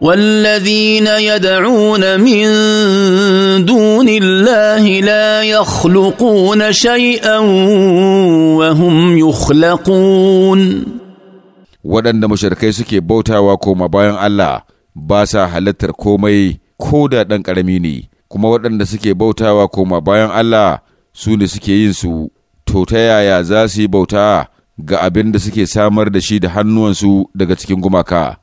والذين يدعون من دون الله لا يخلقون شيئا وهم يخلقون waɗanda masharakai suke bautawa koma bayan Allah ba sa halattar komai ko da ɗan ƙarami ne kuma waɗanda suke bautawa koma bayan Allah su ne suke yin su to ta yaya za su yi bauta ga abin da suke samar da shi da hannuwansu daga cikin gumaka